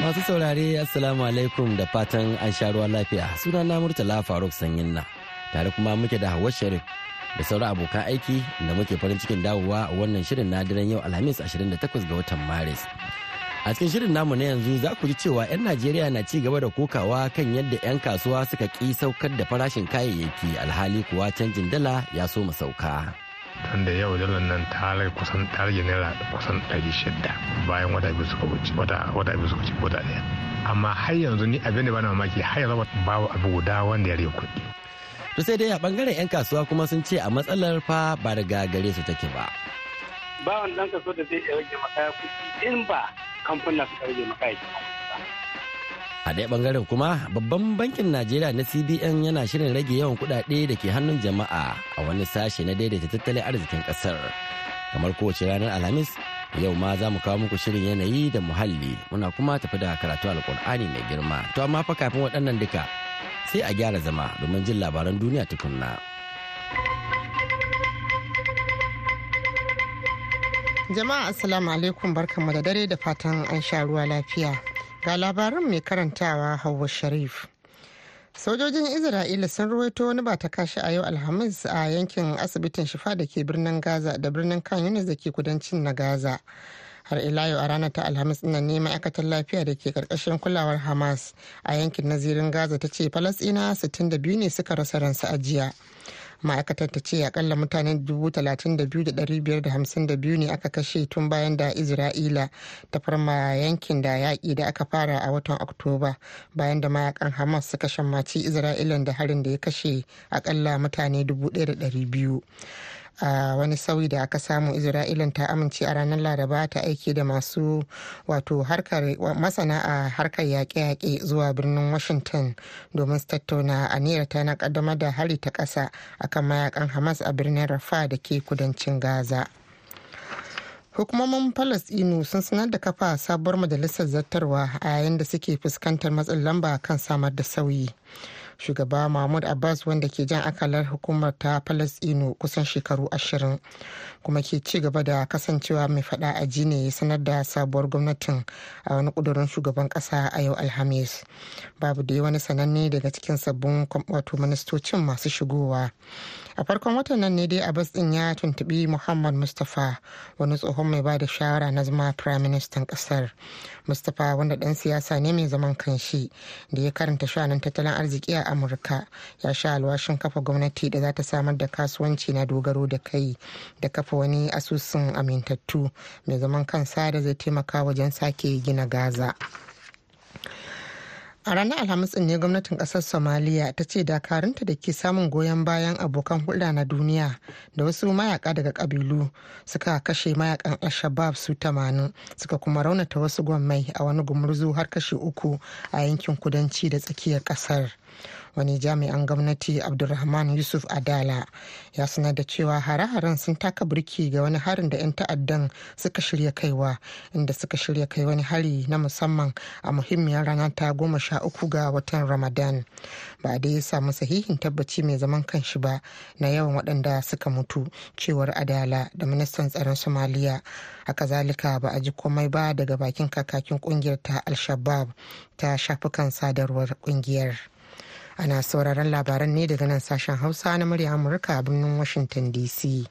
Masu saurare Assalamu alaikum da fatan an sha ruwa lafiya suna na Murtala Faruk Sanyin na tare kuma muke da hawa Sharif da sauran abokan aiki da muke farin cikin dawowa a wannan shirin na daren yau Alhamis 28 ga watan Maris. A cikin shirin namu na yanzu za ku ji cewa 'yan Najeriya na ci gaba da kokawa kan yadda 'yan kasuwa suka ƙi saukar da farashin kayayyaki alhali kuwa canjin dala ya so mu sauka. tunda yau dalar nan ta halaga kusan ta rage naira kusan 600 bayan wata biyu suka wuce wata suka wuce ko da ɗaya amma har yanzu ni abin da bana mamaki har yanzu babu abu guda wanda ya rage kuɗi. to sai dai a bangaren 'yan kasuwa kuma sun ce a matsalar fa ba daga gare su take ba. ba wani ɗan kaso da zai rage makaya kuɗi in ba kamfanin suka rage makaya kuɗi. a daya bangaren kuma babban bankin najeriya na cbn yana shirin rage yawan kudade da ke hannun jama'a a wani sashe na daidaita tattalin arzikin kasar kamar kowace ranar alhamis yau ma za mu kawo muku shirin yanayi da muhalli muna kuma tafi da karatu alkur'ani mai girma to amma fa kafin waɗannan duka sai a gyara zama domin jin labaran duniya tukunna. jama'a assalamu alaikum barkanmu da dare da fatan an sha ruwa lafiya Ga labarin mai karantawa Hauwa Sharif. Sojojin Isra'ila sun ruwaito wani ba ta kashi a yau Alhamis a yankin asibitin Shifa da ke birnin Gaza da birnin Kan yunus da ke kudancin na Gaza. har ila yau a ranar ta alhamis ina ne ma'aikatar lafiya da ke karkashin kulawar hamas a yankin nazirin gaza ta ce falasina 62 ne suka rasa ransu a jiya ma'aikatar ta ce akalla mutane 32,552 ne aka kashe tun bayan da isra'ila ta farma yankin da yaƙi da aka fara a watan oktoba bayan da mayakan hamas suka shammaci isra'ilan da harin da ya kashe akalla mutane 1,200 a wani sauyi da aka samu isra'ilin ta amince a ranar laraba ta aiki da masu wato harkar masana a harkar yaƙe-yaƙe zuwa birnin washington domin su tattauna aniyar ta na kaddamar da hari ta ƙasa akan mayakan hamas a birnin rafa da ke kudancin gaza hukumomin inu sun sanar da kafa sabuwar majalisar zartarwa a yayin da suke fuskantar matsin lamba kan samar da sauyi shugaba mahmud abbas wanda ke jan akalar hukumar ta palestino kusan shekaru ashirin kuma ke ci gaba da kasancewa mai fada a jini ya sanar da sabuwar gwamnatin a wani kudurin shugaban kasa a yau alhamis babu da wani sananne daga cikin sabbin wato ministocin masu shigowa a farkon watan nan ne dai abbas din ya tuntubi muhammad mustapha wani tsohon mai ba da shawara na zama prime minister kasar mustapha wanda dan siyasa ne mai zaman kanshi da ya karanta shanin tattalin arziki a amurka ya sha alwashin kafa gwamnati da za ta samar da kasuwanci na dogaro da kai da kafa wani asusun amintattu mai zaman kansa da zai taimaka wajen sake gina gaza. a ranar alhamis ne gwamnatin kasar somaliya ta ce dakarunta da ke samun goyon bayan abokan hulɗa na duniya da wasu mayaka daga kabilu suka kashe mayakan al su tamanin suka kuma raunata wasu gwammai a wani gumurzu har kashe uku a yankin kudanci da tsakiyar kasar wani jami'an gwamnati abdulrahman yusuf adala ya sanar da cewa hare-haren sun taka birki ga wani harin da 'yan ta'addan suka shirya kaiwa inda suka shirya kai wani hari na musamman a muhimmiyar rana ta goma sha uku ga watan ramadan ba dai ya samu sahihin tabbaci mai zaman kanshi ba na yawan waɗanda suka mutu cewar adala da ministan tsaron somaliya haka zalika ba a ji komai ba daga bakin kakakin kungiyar ta al-shabab ta shafukan sadarwar kungiyar. ana sauraron labaran ne daga nan sashen hausa na murya amurka a birnin washington dc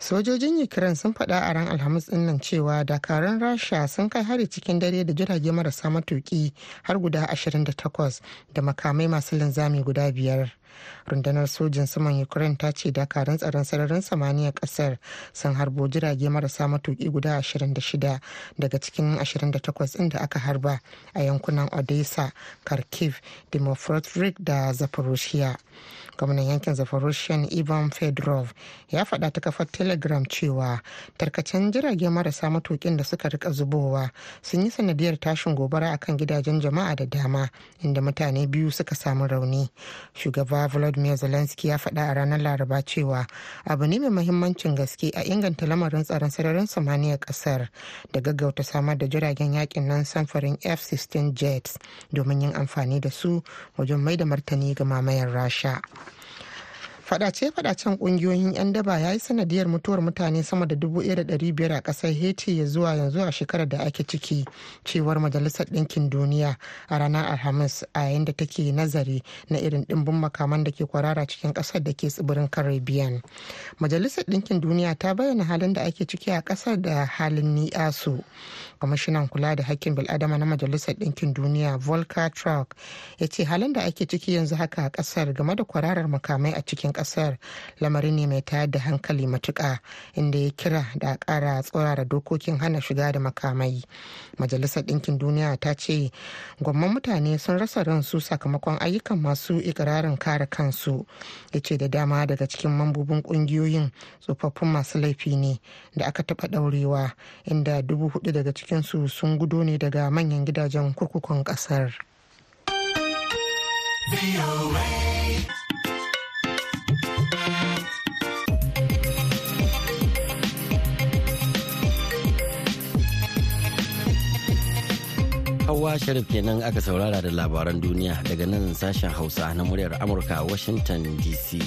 sojojin ukraine sun faɗa a ran alhamis dinnan cewa dakarun rasha sun kai hari cikin dare da jirage marasa matuƙi har guda 28 da makamai masu linzami guda biyar rundunar sojin saman ukraine ta ce dakarun tsaron sararin samaniyar kasar sun harbo jirage marasa matuki guda 26 daga cikin 28 ɗin da aka harba a yankunan odessa kharkiv demofrotrik da zaporoshiya gwamnan yankin zaporoshiyan ivan fedorov ya faɗa ta kafar telegram cewa tarkacen jirage marasa matukin da suka rika zubowa sun yi sanadiyar tashin gobara akan gidajen jama'a da dama inda mutane biyu suka samu rauni shugaba volodymyr zelensky ya faɗa a ranar laraba cewa abu ne mai mahimmancin gaske a inganta lamarin tsaron sararin samaniyar ƙasar da gaggauta samar da jiragen yakin nan samfurin f-16 jets domin yin amfani da su wajen mai da martani ga mamayar rasha fadace-fadacen kungiyoyin 'yan daba ya yi sanadiyar mutuwar mutane sama da 1,500 a kasar haiti ya zuwa yanzu a shekarar da ake ciki cewar majalisar ɗinkin duniya a ranar alhamis a yayin da take nazari na irin ɗimbin makaman da ke kwarara cikin kasar da ke tsibirin caribbean majalisar ɗinkin duniya ta bayyana halin da ake ciki a ƙasar da halin niyasu kwamishinan kula da hakkin bil'adama na majalisar ɗinkin duniya volker truck ya ce halin da ake ciki yanzu haka a kasar game da kwararar makamai a cikin kasar lamari ne mai tayar da hankali matuka inda ya kira da kara tsorara dokokin hana shiga da makamai majalisar ɗinkin duniya ta ce gwamman mutane sun rasa ransu sakamakon ayyukan masu ikirarin kare kansu ya ce da dama daga cikin mambobin ƙungiyoyin tsofaffin masu laifi ne da aka taɓa ɗaurewa inda dubu hudu daga cikinsu sun gudo ne daga manyan gidajen kurkukun ƙasar. Hawa Sharif kenan aka saurara da labaran duniya daga nan sashen Hausa na muryar Amurka Washington DC.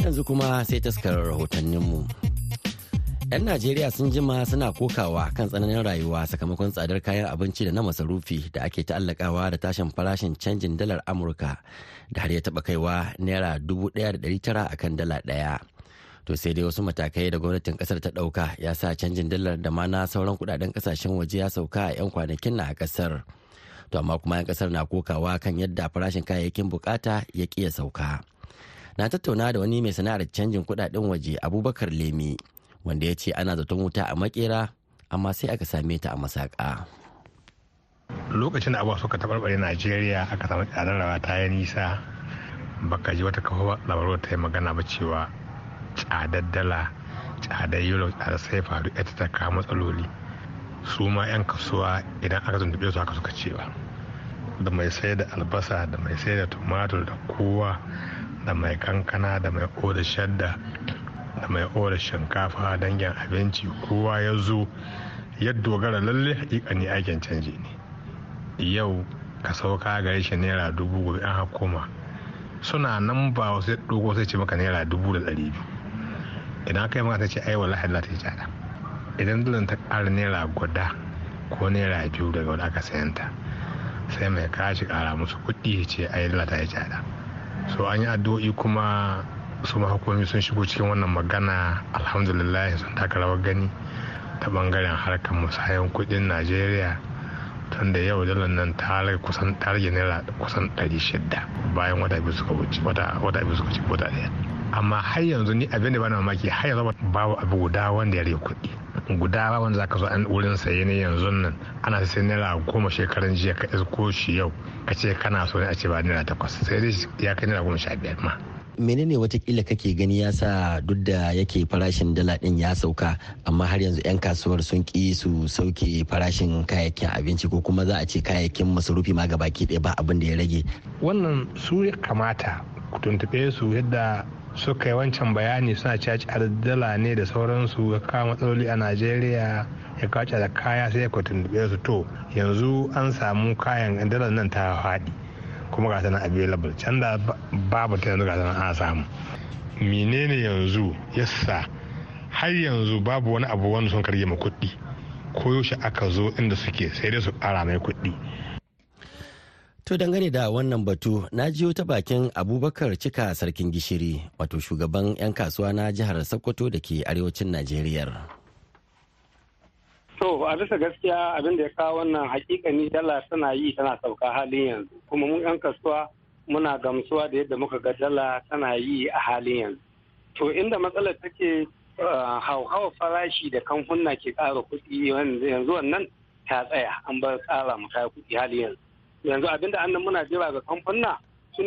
Yanzu kuma sai taskarar rahotanninmu. 'Yan Najeriya sun jima suna kokawa kan tsananin rayuwa sakamakon tsadar kayan abinci da na masarufi da ake ta'allakawa da tashin farashin canjin dalar Amurka da har ya taɓa kaiwa naira 1,900 a kan dala ɗaya. To sai dai wasu matakai da gwamnatin kasar ta ɗauka ya sa canjin dalar da ma na sauran kudaden kasashen waje ya sauka a 'yan kwanakin na a kasar. to amma kuma 'yan kasar na kokawa kan yadda farashin kayayyakin bukata ya ƙi ya sauka na tattauna da wani mai sana'ar canjin kudaden waje abubakar lemi wanda ya ce ana zaton wuta a makera amma sai aka same ta a masaka lokacin da abuwa suka tabarbare najeriya aka samu tsadar rawa ta yi nisa baka ji wata kafa labarwa ta yi magana ba cewa tsadar dala tsadar euro tsadar sai faru ita ta kawo matsaloli su ma 'yan kasuwa idan aka tuntube su haka suka cewa da mai sai da albasa da mai sai da tumatur da kowa da mai kankana da mai odashar shadda da mai ora shinkafa dangin abinci kowa ya zo ya dogara lalle ne aikin canji ne yau ka sauka gare shi naira dubu gobe an hakoma suna nan ba wasu ya dogo sai ce maka naira dubu da ɗari biyu idan aka yi maka ta ce ai wallahi Allah ta yi idan dalan ta ƙara naira guda ko naira biyu daga wani aka sayan ta sai mai kashi ƙara musu kuɗi ya ce ai Allah ta yi so an yi addu'o'i kuma su mahakomi sun shigo cikin wannan magana alhamdulillah sun taka rawar gani ta bangaren harkar musayan kudin najeriya tun da yau dalar nan ta rage kusan ta naira kusan 600 bayan wata biyu suka wuce wata biyu suka ci wata daya amma har yanzu ni abin da ba na mamaki har yanzu babu abu guda wanda ya rage kuɗi guda wanda zaka zo an wurin saye ne yanzu nan ana sai naira goma shekaran jiya ka isko shi yau ka ce kana so ne a ce ba naira takwas sai dai ya kai naira goma sha biyar ma menene watakila kake gani ya sa duk da yake farashin dala din ya sauka amma har yanzu 'yan kasuwar sun ki su sauke farashin kayayyakin abinci ko kuma za a ce kayayyakin masarufi ma gabaki ɗaya ba abin da ya rage wannan su ya kamata ku tuntube su yadda suka yi wancan bayani suna caci dala ne da sauransu ya kawo matsaloli a najeriya ya kawo da kaya sai ya ku tuntube su to yanzu an samu kayan dalar nan ta faɗi kuma ga tana available can da babu ta yanzu ga tana an samu menene yanzu ya sa har yanzu babu wani abu wanda sun karye ma kuɗi ko yaushe aka zo inda suke sai dai su ƙara mai kuɗi To dangane da wannan batu na jiyo ta bakin abubakar cika sarkin gishiri wato shugaban 'yan kasuwa na jihar Sokoto da ke arewacin Najeriya. To a bisa gaskiya abin da ya kawo wannan hakikani dala tana yi tana sauka halin yanzu kuma mun yan kasuwa muna gamsuwa da yadda muka ga dala tana yi a halin yanzu. To inda matsalar take ah, hauhawa farashi da kamfuna ke ƙara kuɗi yanzu wannan ta tsaya an bar ƙara mu kai kuɗi halin yanzu. Yanzu abinda annan muna jira ga kamfuna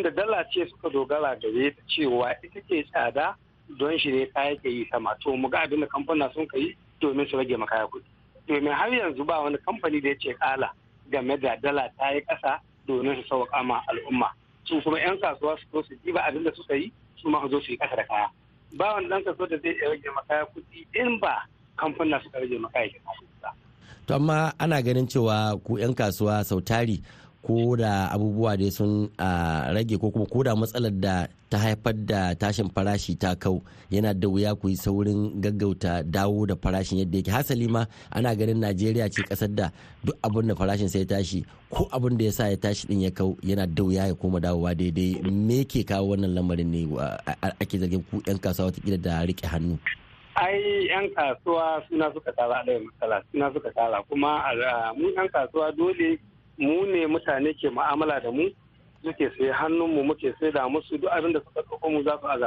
da dala ce suka dogara da ta cewa ita ke tsada don shi ne ta yake yi sama to mu ga abin da kamfuna sun ka yi domin su rage makaya kuɗi. domin har yanzu ba wani kamfani da ya ce kala game da dala ta yi ƙasa domin su sauƙa ma al'umma su kuma 'yan kasuwa su zo su ji ba abin da suka yi su ma zo su yi ƙasa da kaya ba wani ɗan kasuwa da zai iya rage makaya kuɗi in ba kamfanin suka rage makaya kuɗi ba. to amma ana ganin cewa ku 'yan kasuwa sautari. ko da abubuwa dai sun rage ko kuma ko da matsalar da ta haifar da tashin farashi ta kau yana da wuya ku yi saurin gaggauta dawo da farashin yadda yake hasali ma ana ganin najeriya ce kasar da duk abin da farashin sai tashi ko abin da ya sa ya tashi din ya kau yana da wuya ya koma dawowa daidai me ke kawo wannan lamarin ne ake zargin ku yan kasuwa watakila da rike hannu ai yan kasuwa suna suka tsara da matsala suna suka tsara kuma mun yan kasuwa dole mu ne mutane ke ma'amala da mu muke sai hannunmu muke sai da musu duk abin da suka ɗauko mu za su a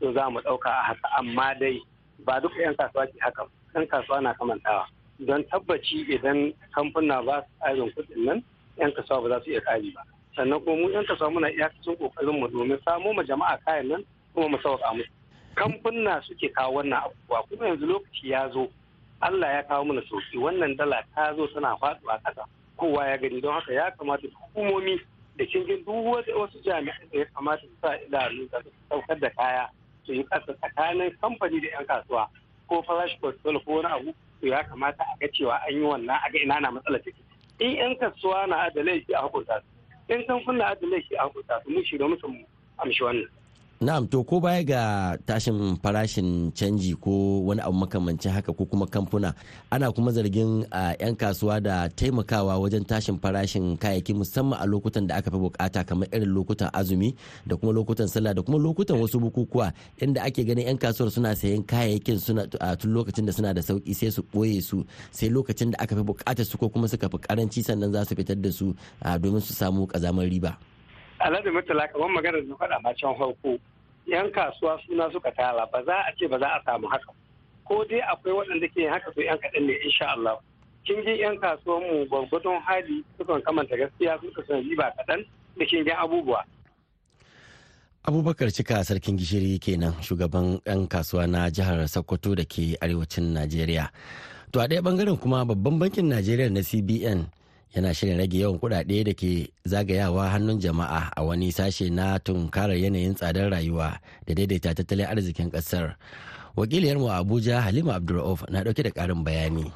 to za mu ɗauka a haka amma dai ba duka 'yan kasuwa ke haka 'yan kasuwa na kamantawa don tabbaci idan kamfuna ba su ƙarin kuɗin nan 'yan kasuwa ba za su iya ƙari ba sannan kuma mu 'yan kasuwa muna iyakacin ƙoƙarin mu domin samo ma jama'a kayan nan kuma mu sauƙa musu kamfuna suke kawo wannan abubuwa kuma yanzu lokaci ya zo Allah ya kawo mana sauki wannan dala ta zo tana faɗuwa ƙasa kowa ya gani don haka ya kamata hukumomi da cikin duk wasu jami'an da ya kamata su sa idanu da saukar da kaya su yi kasa tsakanin kamfani da 'yan kasuwa ko farashi control ko wani abu to ya kamata a ga cewa an yi wannan a ga ina na matsala take in 'yan kasuwa na adalai a hukunta su in kamfanin na adalai a hukunta su mu shiga musu amshi wannan. Na'am to ko baya ga tashin farashin canji ko wani abu makamancin haka ko kuma kamfuna ana kuma zargin a 'yan kasuwa da taimakawa wajen tashin farashin kayayyaki musamman a lokutan da aka fi bukata kamar irin lokutan azumi da kuma lokutan sallah da kuma lokutan wasu bukukuwa inda ake ganin 'yan kasuwar suna sayan kayayyakin suna tun lokacin da suna da sauki sai su boye su sai lokacin da aka fi bukatar su ko kuma suka fi karanci sannan za su fitar da su domin su samu kazamar riba. alhaji mutala kamar maganar da faɗa ma can farko yan kasuwa suna suka tara ba za a ce ba za a samu haka ko dai akwai waɗanda ke haka su yan kaɗan ne insha Allah kin ji yan kasuwan mu gwargwadon hali sukan kamanta gaskiya suka san riba kaɗan da kin abubuwa abubakar cika sarkin gishiri kenan shugaban 'yan kasuwa na jihar sokoto da ke arewacin najeriya to a ɗaya bangaren kuma babban bankin najeriya na cbn yana shirin rage yawan kuɗaɗe da ke zagayawa hannun jama'a a wani sashe na tunkarar yanayin tsadar rayuwa da daidaita tattalin arzikin ƙasar wakiliyarmu a abuja halima abdulrauf na ɗauke da ƙarin bayani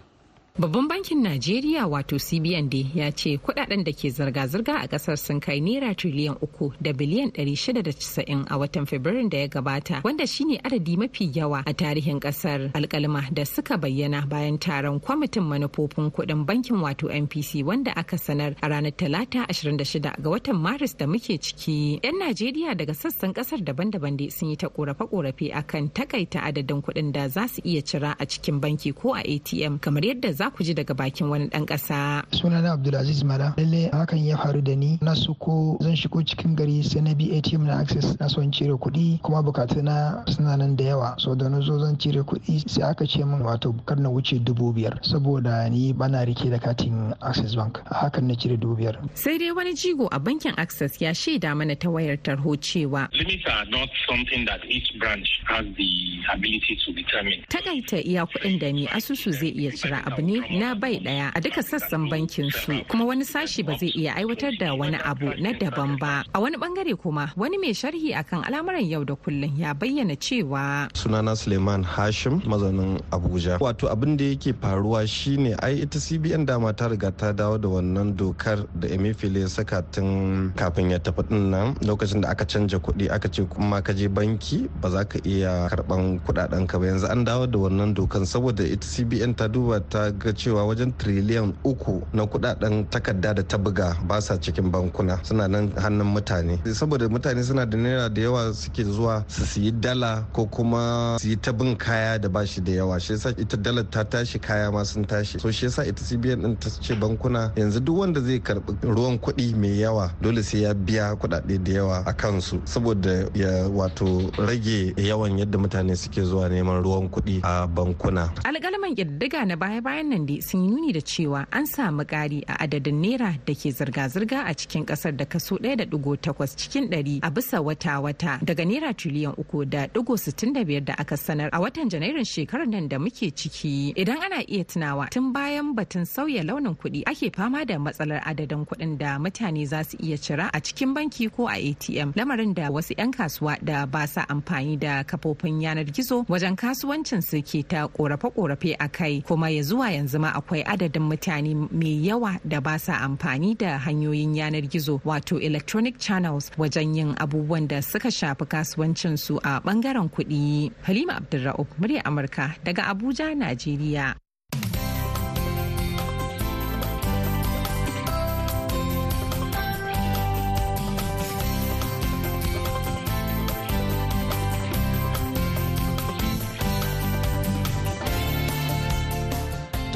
Babban bankin Najeriya wato CBN dai ya ce kudaden da ke zirga-zirga a kasar sun kai naira triliyan uku da biliyan 690 a watan Fabrairu da ya gabata wanda shine adadi mafi yawa a tarihin kasar alkalma da suka bayyana bayan taron kwamitin manufofin kudin bankin wato NPC wanda aka sanar a ranar Talata 26 ga watan Maris da muke ciki. 'Yan Najeriya daga sassan kasar daban-daban dai sun yi ta korafe-korafe akan takaita adadin kuɗin da za su iya cira a cikin banki ko a ATM kamar yadda za ku ji daga bakin wani ɗan ƙasa. Sunana Abdulaziz Mara, lalle hakan ya faru da ni na su ko zan shigo cikin gari sai na bi ATM na access na son cire kuɗi kuma bukatu na suna nan da yawa. So da na zan cire kuɗi sai aka ce min wato kar na wuce dubu biyar saboda ni bana rike da katin access bank hakan na cire dubu biyar. Sai dai wani jigo a bankin access ya shaida mana ta wayar tarho cewa. Limits are not something that each branch has the ability to determine. Takaita iya kuɗin da ni asusu zai iya cira abu ne na bai daya a duka sassan bankin su kuma wani sashi ba zai iya aiwatar da wani abu na daban ba a wani bangare kuma wani mai sharhi akan al'amuran yau da kullum ya bayyana cewa sunana suleiman hashim mazaunin abuja wato abin da yake faruwa shine ai ita cbn dama ta riga ta dawo da wannan dokar da emefiele ya saka tun kafin ya tafi din nan lokacin da aka canja kuɗi aka ce kuma ka je banki ba za ka iya karban kuɗaɗen ka ba yanzu an dawo da wannan dokan saboda ita cbn ta duba ta ga cewa wajen triliyan uku na kudaden takarda da ta buga ba sa cikin bankuna suna nan hannun mutane saboda mutane suna da naira da yawa suke zuwa su siyi dala ko kuma su yi ta bin kaya da bashi da yawa shi yasa ita dalar ta tashi kaya ma sun tashi so shi yasa ita CBN din ta ce bankuna yanzu duk wanda zai karbi ruwan kuɗi mai yawa dole sai ya biya kuɗaɗe da yawa a kansu saboda ya wato rage yawan yadda mutane suke zuwa neman ruwan kuɗi a bankuna alƙalaman ƙididdiga na baya-bayan nan dai sun yi nuni da cewa an samu ƙari a adadin naira da ke zirga-zirga a cikin ƙasar da kaso takwas cikin ɗari a bisa wata-wata daga naira triliyan uku da ɗigo sittin da biyar da aka sanar a watan janairun shekarar nan da muke ciki idan ana iya tunawa tun bayan batun sauya launin kuɗi ake fama da matsalar adadin kuɗin da mutane za su iya cira a cikin banki ko a atm lamarin da wasu 'yan kasuwa da ba sa amfani da kafofin yanar gizo wajen kasuwancin su ke ta korafe-korafe a kai kuma ya zuwa yanzu yanzu ma akwai adadin mutane mai yawa da ba sa amfani da hanyoyin yanar gizo wato electronic channels wajen yin abubuwan da suka shafi kasuwancin su a bangaren kuɗi. Halima Abdulra'uf murya Amurka daga Abuja, Najeriya.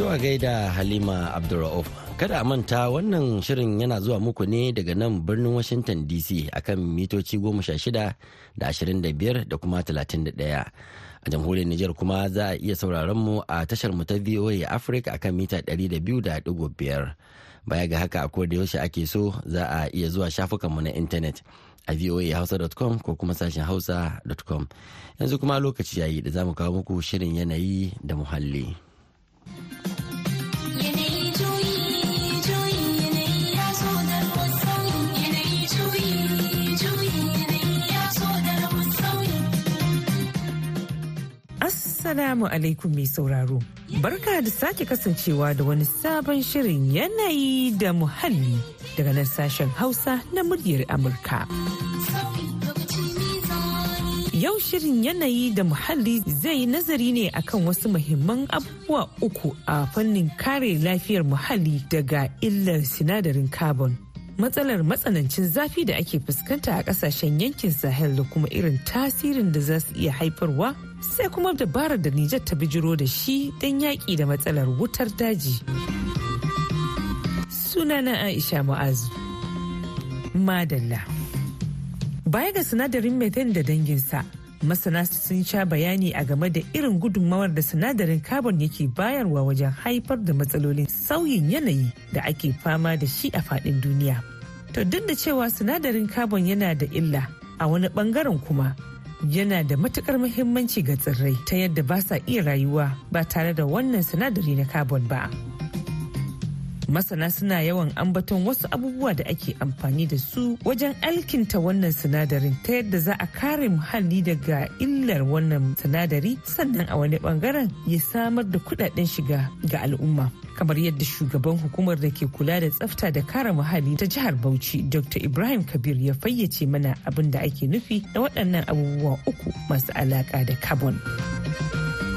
To a gaida Halima Abdulra'uf. Kada a manta wannan shirin yana zuwa muku ne daga nan birnin Washington DC akan mitoci goma sha shida da ashirin da biyar da kuma talatin da ɗaya. A jamhuriyar Nijar kuma za a iya sauraron mu a tashar mu ta VOA Africa akan mita ɗari da biyu da ɗigo biyar. Baya ga haka a da yaushe ake so za a iya zuwa shafukanmu na intanet a voahausa.com ko kuma sashen hausa.com. Yanzu kuma lokaci yayi da za mu kawo muku shirin yanayi da muhalli. Assalamu alaikum mai sauraro. Barka da sake kasancewa da wani sabon shirin yanayi da muhalli daga nan sashen Hausa na muryar Amurka. Yau shirin yanayi da muhalli zai nazari ne akan wasu muhimman abubuwa uku a fannin kare lafiyar muhalli daga illar sinadarin carbon. matsalar matsanancin zafi da ake fuskanta a kasashen yankin sahel da kuma irin tasirin da za su iya haifarwa sai kuma dabarar da Nijar ta bijiro da shi don yaƙi da matsalar wutar daji. Sunana Aisha Mu'azu. Madalla. Baya ga sinadarin methane da danginsa, masana sun sha bayani a game da irin gudunmawar da sinadarin carbon yake bayarwa wajen haifar da matsalolin sauyin yanayi da ake fama da shi a faɗin duniya. To duk da cewa sinadarin carbon yana da illa, a wani bangaren kuma yana da matukar muhimmanci ga tsirrai ta yadda ba sa iya rayuwa ba tare da wannan sinadari na carbon ba. masana suna yawan ambaton wasu abubuwa da ake amfani da su wajen alkinta wannan sinadarin ta yadda za a kare muhalli daga illar wannan sinadari sannan a wani bangaren ya samar da kudaden shiga ga al'umma kamar yadda shugaban hukumar da ke kula da tsafta da kare muhalli ta jihar bauchi dr ibrahim kabir ya fayyace mana abin da ake nufi da waɗannan abubuwa uku masu alaƙa da carbon.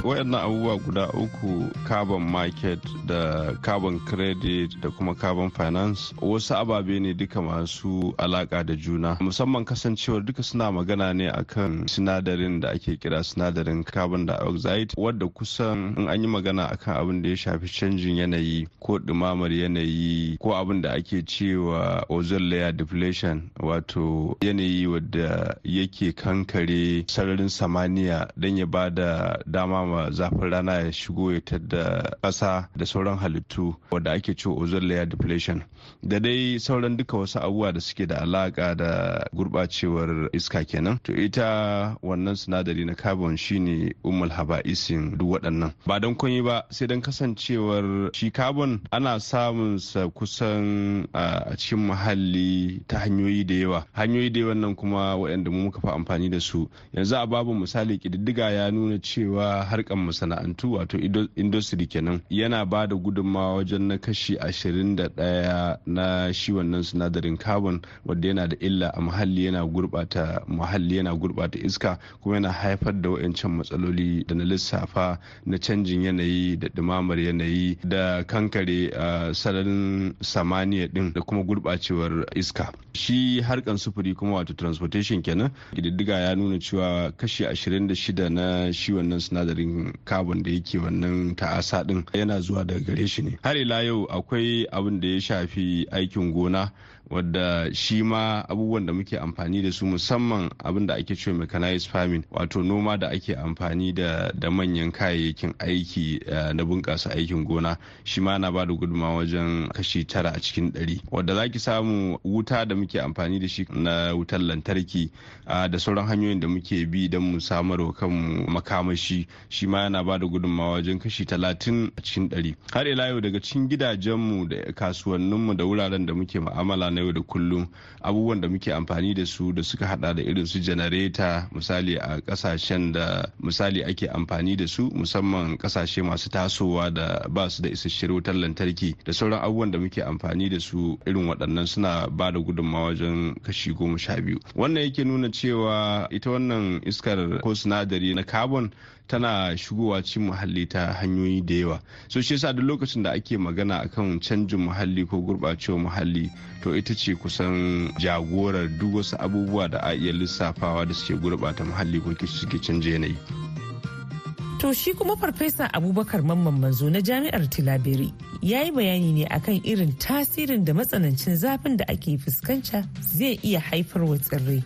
wayannan abubuwa guda uku carbon market da carbon credit da kuma carbon finance wasu ababe ne duka masu alaka da juna musamman kasancewar duka suna magana ne akan sinadarin da ake kira sinadarin carbon dioxide wadda kusan in an yi magana akan abin da ya shafi canjin yanayi ko dumamar yanayi ko abin da ake cewa ozone layer deflation wato yanayi wadda yake kankare sararin samaniya don ya ba da dama ma zafin rana ya shigo ya tadda ƙasa da sauran halittu wadda ake cewa ozone layer depletion da dai sauran duka wasu abubuwa da suke da alaƙa da gurɓacewar iska kenan to ita wannan sinadari na carbon shine umul haba'isin duk waɗannan ba don kunyi ba sai don kasancewar shi carbon ana samun sa kusan a cikin muhalli ta hanyoyi da yawa hanyoyi da yawa nan kuma waɗanda mu muka fi amfani da su yanzu a babu misali ƙididdiga ya nuna cewa har harkar masana'antu wato industry kenan yana ba da gudunmawa wajen na kashi 21 na shi wannan sinadarin carbon wadda yana da illa a muhalli yana gurbata muhalli yana gurbata iska kuma yana haifar da wayancan matsaloli da na lissafa na canjin yanayi da dumamar yanayi da kankare sararin samaniya din da kuma gurbacewar iska shi harkan sufuri kuma wato transportation kenan ƙididdiga ya nuna cewa kashi 26 na shi wannan sinadarin ainihin kabon da yake wannan ta'asa din yana zuwa daga gare shi ne har ila yau akwai abin da ya shafi aikin gona wadda shi ma abubuwan da muke amfani da su musamman abin da ake cewa mechanized farming wato noma da ake amfani da manyan kayayyakin aiki eh, na bunƙasa aikin gona shi ma na ba da gudunmawa wajen kashi tara a cikin ɗari wadda za ki samu wuta da muke amfani da shi na wutar lantarki ah, da sauran hanyoyin da muke bi don mu samar wa kanmu makamashi shi ma yana ba da gudunmawa wajen kashi talatin a cikin ɗari har ila yau daga cikin gidajenmu da kasuwanninmu da wuraren da muke mu'amala na yau da kullum abubuwan da muke amfani da su da suka hada da irin su janareta misali a kasashen da misali ake amfani da su musamman kasashe masu tasowa da ba su da isasshen wutar lantarki da sauran abubuwan da muke amfani da su irin waɗannan suna ba da gudunmawa wajen kashi goma sha biyu wannan yake nuna cewa ita wannan iskar ko sinadari na carbon tana shigowa cikin muhalli ta hanyoyi da yawa so shi yasa duk lokacin da ake magana akan canjin muhalli ko gurɓacewar muhalli to ita ce kusan jagorar duk wasu abubuwa da a iya lissafawa da suke gurɓata muhalli ko suke canja yanayi To shi kuma farfesa Abubakar Mamman Manzo na Jami'ar Tilaberi ya yi bayani ne akan irin tasirin da matsanancin zafin da ake fuskanta zai iya haifarwa tsirrai.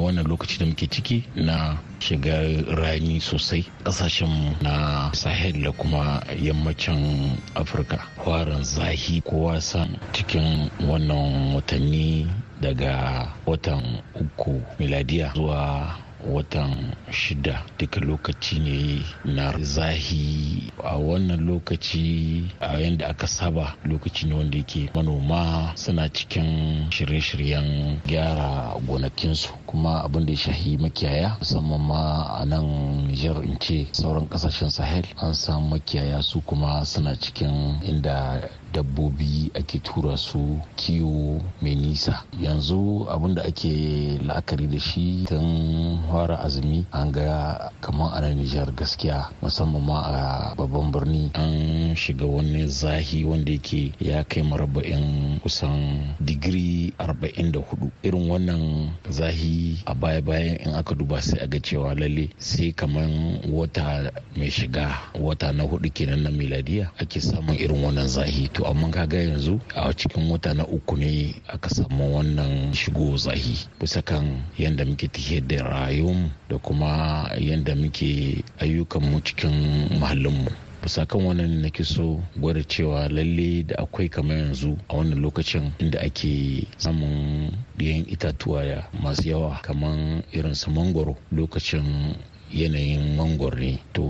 wannan lokaci da muke ciki na shiga rani sosai kasashen na sahel da kuma yammacin afirka Kwarin zahi kowa san cikin wannan watanni daga watan uku miladiya zuwa watan shida duka lokaci ne na zahi a wannan lokaci a yadda aka saba lokaci ne wanda yake manoma suna cikin shirye-shiryen gyara gonakinsu kuma abin da ya shahi makiyaya musamman ma a nan nijar in ce sauran kasashen sahel an samu makiyaya su kuma suna cikin inda dabbobi ake tura su kiwo mai nisa yanzu abin da ake la'akari da shi tun fara azumi an ga kamar ana nijar gaskiya musamman ma a babban birni an shiga wani zahi wanda yake ya kai marabba'in kusan digiri 44 irin wannan zahi a baya-bayan in aka duba sai a ga cewa lalle sai kamar wata mai shiga wata na hudu kenan na miladiya ake samun irin wannan zahi to to amma ga yanzu a cikin wata na uku ne aka samu wannan shigo zahi bisa kan yadda muke tafiyar da rayuwar da kuma yadda muke ayyukanmu cikin mahallinmu bisa kan wannan nake so gwada cewa lalle da akwai kamar yanzu a wannan lokacin inda ake samun ɗiyan itatuwa masu yawa kamar irin su mangoro lokacin yanayin mangwari ne to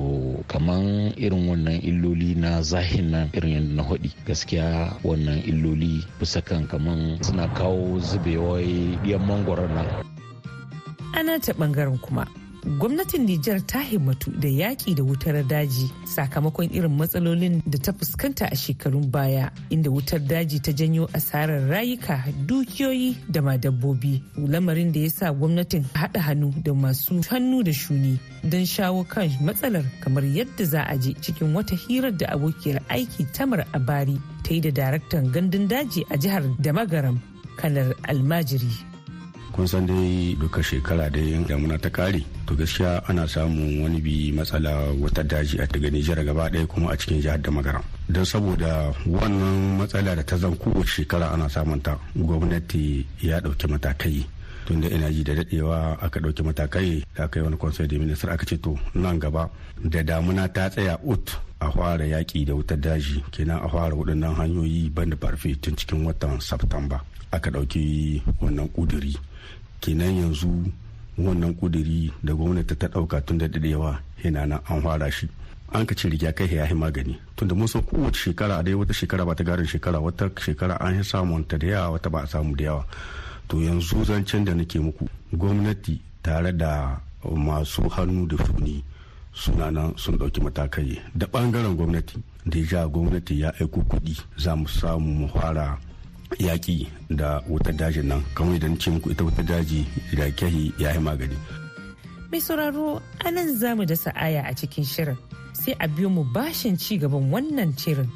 kaman irin wannan illoli na zahin nan irin yadda na hudi gaskiya wannan illoli bisa kan kaman suna kawo zubewar yan mangwaron nan ana ta bangaren kuma gwamnatin Nijar ta himmatu da yaƙi da wutar daji sakamakon irin matsalolin da ta fuskanta a shekarun baya inda wutar daji ta janyo asarar rayuka dukiyoyi da ma dabbobi lamarin da ya sa gwamnatin haɗa hannu da masu hannu da shuni don shawo kan matsalar kamar yadda za a je cikin wata hirar da abokiyar aiki tamar a bari ta yi da daraktan gandun daji a jihar damagaram kanar almajiri kun san dai duka shekara dai damuna ta kare to gaskiya ana samun wani bi matsala wata daji a daga Nijar gaba ɗaya kuma a cikin jihar da magara don saboda wannan matsala da ta zan kowace shekara ana samun ta gwamnati ya ɗauki matakai tun da ina ji da dadewa aka ɗauki matakai da aka yi wani conseil da minister aka ce to nan gaba da damuna ta tsaya ut a fara yaƙi da wutar daji kenan a fara waɗannan hanyoyi ban da farfe tun cikin watan Satumba aka ɗauki wannan ƙuduri kenan yanzu wannan kudiri da gwamnati ta ɗauka tun da dadewa yana nan an fara shi an ka ce kai ya yi magani tunda mun san kowace shekara a dai wata shekara ba ta garin shekara wata shekara an yi samun ta da yawa wata ba a samu da yawa to yanzu zancen da nake muku gwamnati tare da masu hannu da suni suna nan sun ɗauki matakai da ɓangaren gwamnati da ya gwamnati ya aiko kuɗi za mu samu mu fara yaƙi da wutar daji nan kamar idan ce muku ita wutar daji da kyahi ya yi magani. mai sauraro anan za mu da sa'aya a cikin shirin sai a biyo mu bashin ci gaban wannan shirin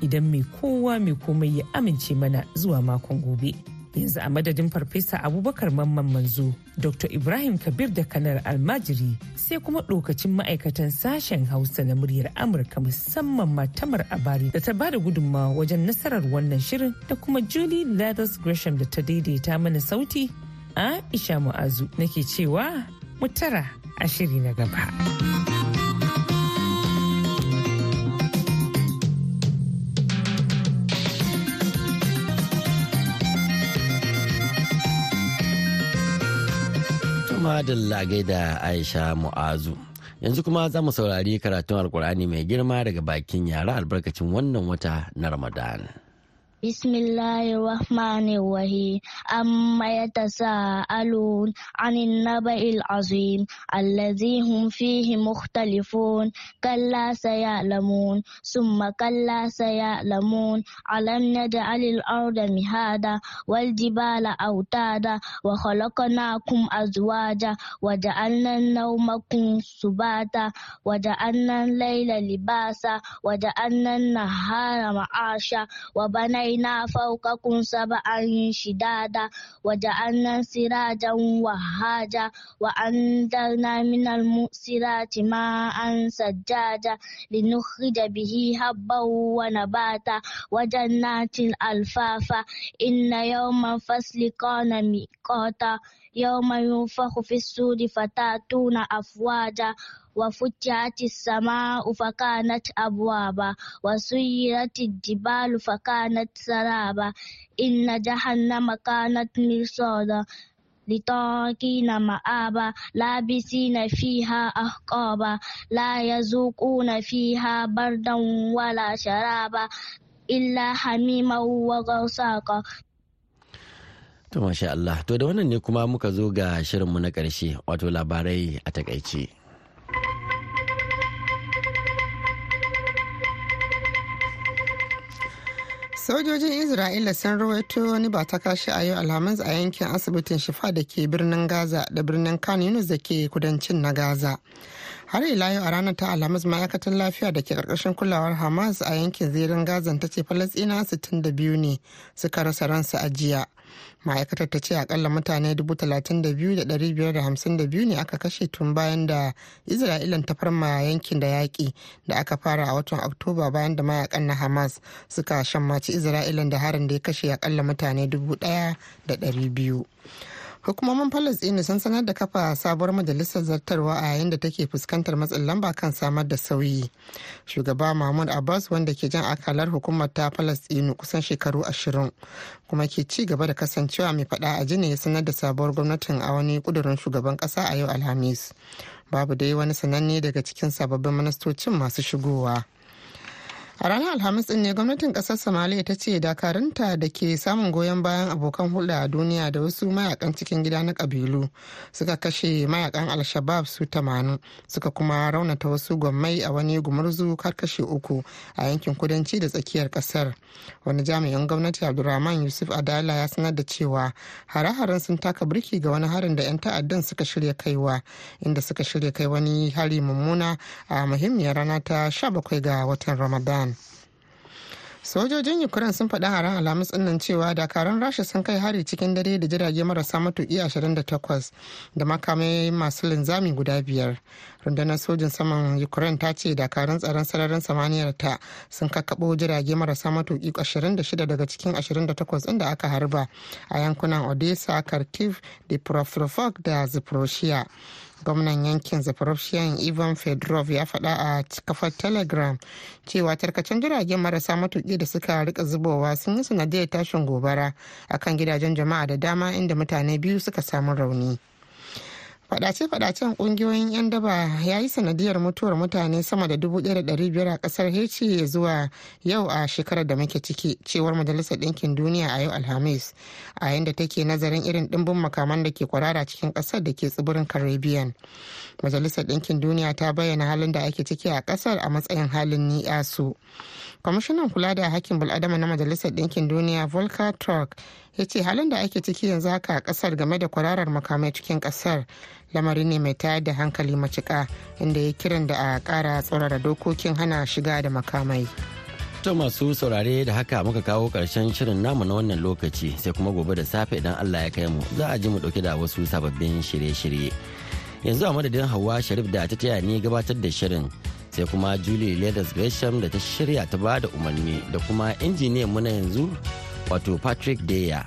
idan mai kowa mai komai ya amince mana zuwa makon gobe. yanzu a madadin farfesa abubakar mamman manzo dr ibrahim kabir da kanar almajiri sai kuma lokacin ma'aikatan sashen hausa na muryar amurka musamman matamar abari da ta bada gudunmawa wajen nasarar wannan shirin da kuma julie lathers gresham da ta daidaita mana sauti aisha mu'azu nake cewa mutara a shiri na gaba. lagai da aisha mu'azu yanzu kuma za mu saurari karatun alkur'ani mai girma daga bakin yara albarkacin wannan wata na ramadan بسم الله الرحمن الرحيم أما يتساءلون عن النبأ العظيم الذي هم فيه مختلفون كلا سيعلمون ثم كلا سيعلمون ألم نجعل الأرض مهادا والجبال أوتادا وخلقناكم أزواجا وجعلنا نومكم سباتا وجعلنا الليل لباسا وجعلنا النهار معاشا وبني رفعنا فوقكم سبعا شدادا وجعلنا سراجا وهاجا وأنزلنا من المؤسرات ماء سجاجا لنخرج به هبا ونباتا وجنات ألفافا إن يوم الفصل كان ميقاتا يوم ينفخ في السور فتاتون أفواجا Wa futiyarta sama ufakan na ta'aduwa ba wasu yi na tidiba lufakan na tsaraba in na ji na ma'aba labisi na fiye a akwaba la ya zukun na wala sharaba illa hamimu wajen sauka. Tumashe Allah to da wannan ne kuma muka zo ga shirinmu na karshe, wato labarai a takaice sojojin isra'ila sun rawaito wani ba ta kashi a yau alhamis a yankin asibitin shifa da ke birnin gaza da birnin kan yunus da ke kudancin na gaza har ila yau a ranar ta alhamis ma'aikatan lafiya da ke karkashin kulawar hamas a yankin zirin gazan ta ce falasina 62 ne suka rasa ransa a jiya ma'aikatar ta ce akalla mutane 32,552 ne aka kashe tun bayan da isra'ilan ta farma yankin da yaƙi da aka fara a watan oktoba bayan da mayakan na hamas suka shammaci isra'ilan da harin da ya kashe akalla mutane 1,200 hukumomin ɗin sun sanar da kafa sabuwar majalisar zartarwa a yayin da take fuskantar matsin lamba kan samar da sauyi shugaba mahmud abbas wanda ke jan akalar hukumar ta ɗin kusan shekaru ashirin kuma ke ci gaba da kasancewa mai fada a jini ya sanar da sabuwar gwamnatin a wani kudurin shugaban kasa a yau alhamis babu dai wani sananne daga cikin sababbin ministocin masu shigowa. a ranar alhamis ne gwamnatin kasar somaliya ta ce dakarunta da ke samun goyon bayan abokan hulɗa a duniya da wasu mayakan cikin gida na kabilu suka kashe mayakan al-shabab su 80 suka kuma raunata wasu gwammai a wani gumurzu har uku a yankin kudanci da tsakiyar kasar wani jami'in gwamnati abdulrahman yusuf adala ya sanar da cewa hare-haren sun taka birki ga wani harin da 'yan ta'addan suka shirya kaiwa inda suka shirya kai wani hari mummuna a muhimmiyar rana ta 17 ga watan ramadan sojojin ukraine sun faɗi haran alhamis ɗinnan cewa dakarun rasha sun kai hari cikin dare da jirage marasa matuki 28 da makamai masu linzami guda biyar rundunar sojin saman ukraine ta ce dakarun tsaron sararin samaniyar ta sun kakkaɓo jirage marasa matuƙi 26 daga cikin 28 inda aka harba a yankunan odessa kharkiv da da zaporoshiya gwamnan yankin zaporofshiyan ivan fedorov ya faɗa a kafar telegram cewa tarkacen jiragen marasa matuƙi da suka rika zubowa sun yi sanadiyar tashin gobara akan gidajen jama'a da dama inda mutane biyu suka samu rauni. fadace-fadacen kungiyoyin 'yan daba ya yi sanadiyar mutuwar mutane sama da 1,500 a kasar haiti zuwa yau a shekarar da muke ciki cewar majalisar ɗinkin duniya a yau alhamis a yadda take nazarin irin ɗimbin makaman da ke kwarara cikin ƙasar da ke tsibirin caribbean majalisar ɗinkin duniya ta bayyana halin da ake ciki a ƙasar a matsayin halin ni'asu kwamishinan kula da hakkin bul'adama na majalisar ɗinkin duniya volker turk ya ce halin da ake ciki yanzu haka a kasar game da kwararar makamai cikin kasar lamari ne mai tayar da hankali macika inda ya kiran da a kara tsorara dokokin hana shiga da makamai to masu saurare da haka muka kawo karshen shirin namu na wannan lokaci sai kuma gobe da safe idan allah ya kai mu za a ji mu dauke da wasu sababbin shirye-shirye yanzu a madadin hawa sharif da ta taya ni gabatar da shirin sai kuma julie leathers gresham da ta shirya ta ba da umarni da kuma injiniyan mu na yanzu wato Patrick Deya.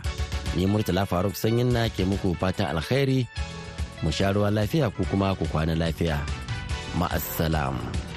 Ni Murtala Faruk Sanyin na ke muku fatan alkhairi, mu sha ruwa lafiya ko kuma ku kwana lafiya. Ma'assalam.